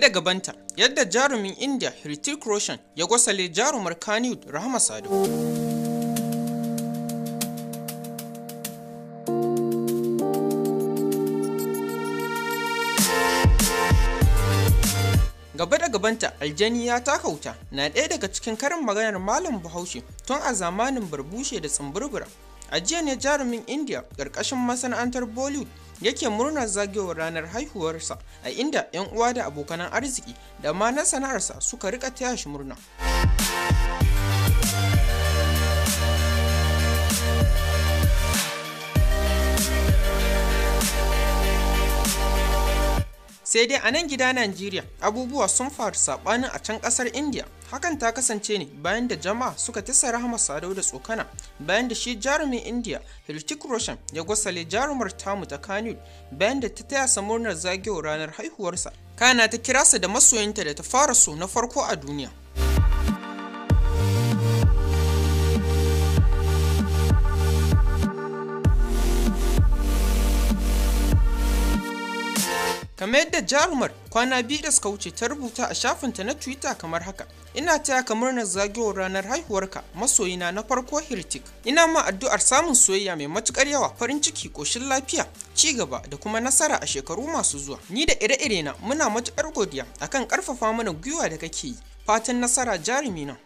gaba da gabanta yadda jarumin india Hrithik Roshan ya gwasale jarumar Kaniud Rahama Sado. Gaba da gabanta aljani ya taka wuta na ɗaya daga cikin karin maganar Malam Bahaushe tun a zamanin barbushe da tsumburbura. A jiya ne jarumin India ƙarƙashin masana'antar Bollywood yake murnar zagayowar ranar haihuwarsa a inda 'yan uwa da abokanan arziki da ma na sana'arsa suka rika taya shi murna. sai dai a nan gida Najeriya abubuwa sun faru saɓanin a can ƙasar India hakan ta kasance ne bayan da jama'a suka sa rahama sadau da tsokana bayan da shi jarumin India Hrithik Roshan ya gwasale jarumar tamu ta Kanul bayan da ta taya sa murnar zagewar ranar haihuwarsa kana ta kirasa da masoyinta da ta fara so na farko a duniya kamar yadda jarumar kwana biyu da suka wuce ta rubuta a shafinta na twitter kamar haka ina taya ka murnar zagayowar ranar haihuwarka masoyina na farko hirtik ina ma addu'ar samun soyayya mai matukar yawa farin ciki koshin lafiya ci gaba da kuma nasara a shekaru masu zuwa ni da ire-irena muna matukar godiya akan karfafa mana gwiwa da kake yi fatan nasara jarumi nan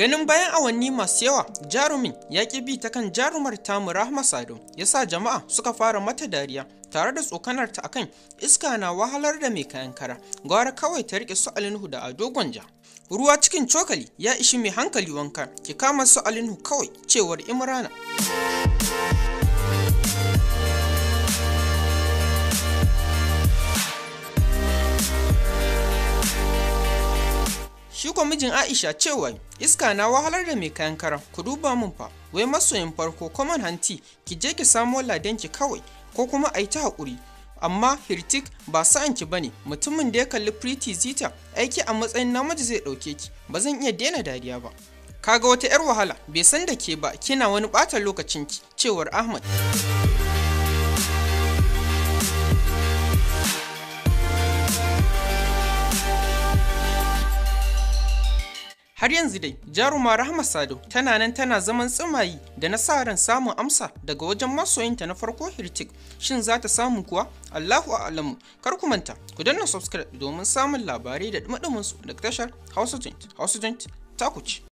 ganin bayan awanni masu yawa jarumin ya ƙi bi ta kan jarumar tamu rahma sado ya sa jama'a suka fara mata dariya tare da tsokanar ta akan iska na wahalar da mai kayan kara gwara kawai ta rike su alinhu da ado gwanja ruwa cikin cokali ya ishi mai hankali wanka ki kama su alinhu kawai cewar imrana Shi mijin Aisha cewa iska na wahalar da mai kayan kara ku duba mun fa wai masoyin farko common hanti ki je ki samo ki kawai ko kuma a yi ta haƙuri amma hirtik ba sa'anki ba ne mutumin da ya kalli pretty zita aiki a matsayin namiji zai ɗauke ki ba zan iya daina dariya ba kaga wata 'yar wahala bai san da ke ba kina wani ɓata ki cewar ahmad Har yanzu dai, jaruma Rahma Sado tana nan tana zaman tsimayi da na sa ran samun amsa daga wajen masoyinta na farko Hirtik. Shin za ta samu kuwa? Allahu a'lamu. Kar ku manta, ku danna subscribe domin samun labarai da dumadumin su daga tashar Hausa Joint. Hausa Joint ta kuce?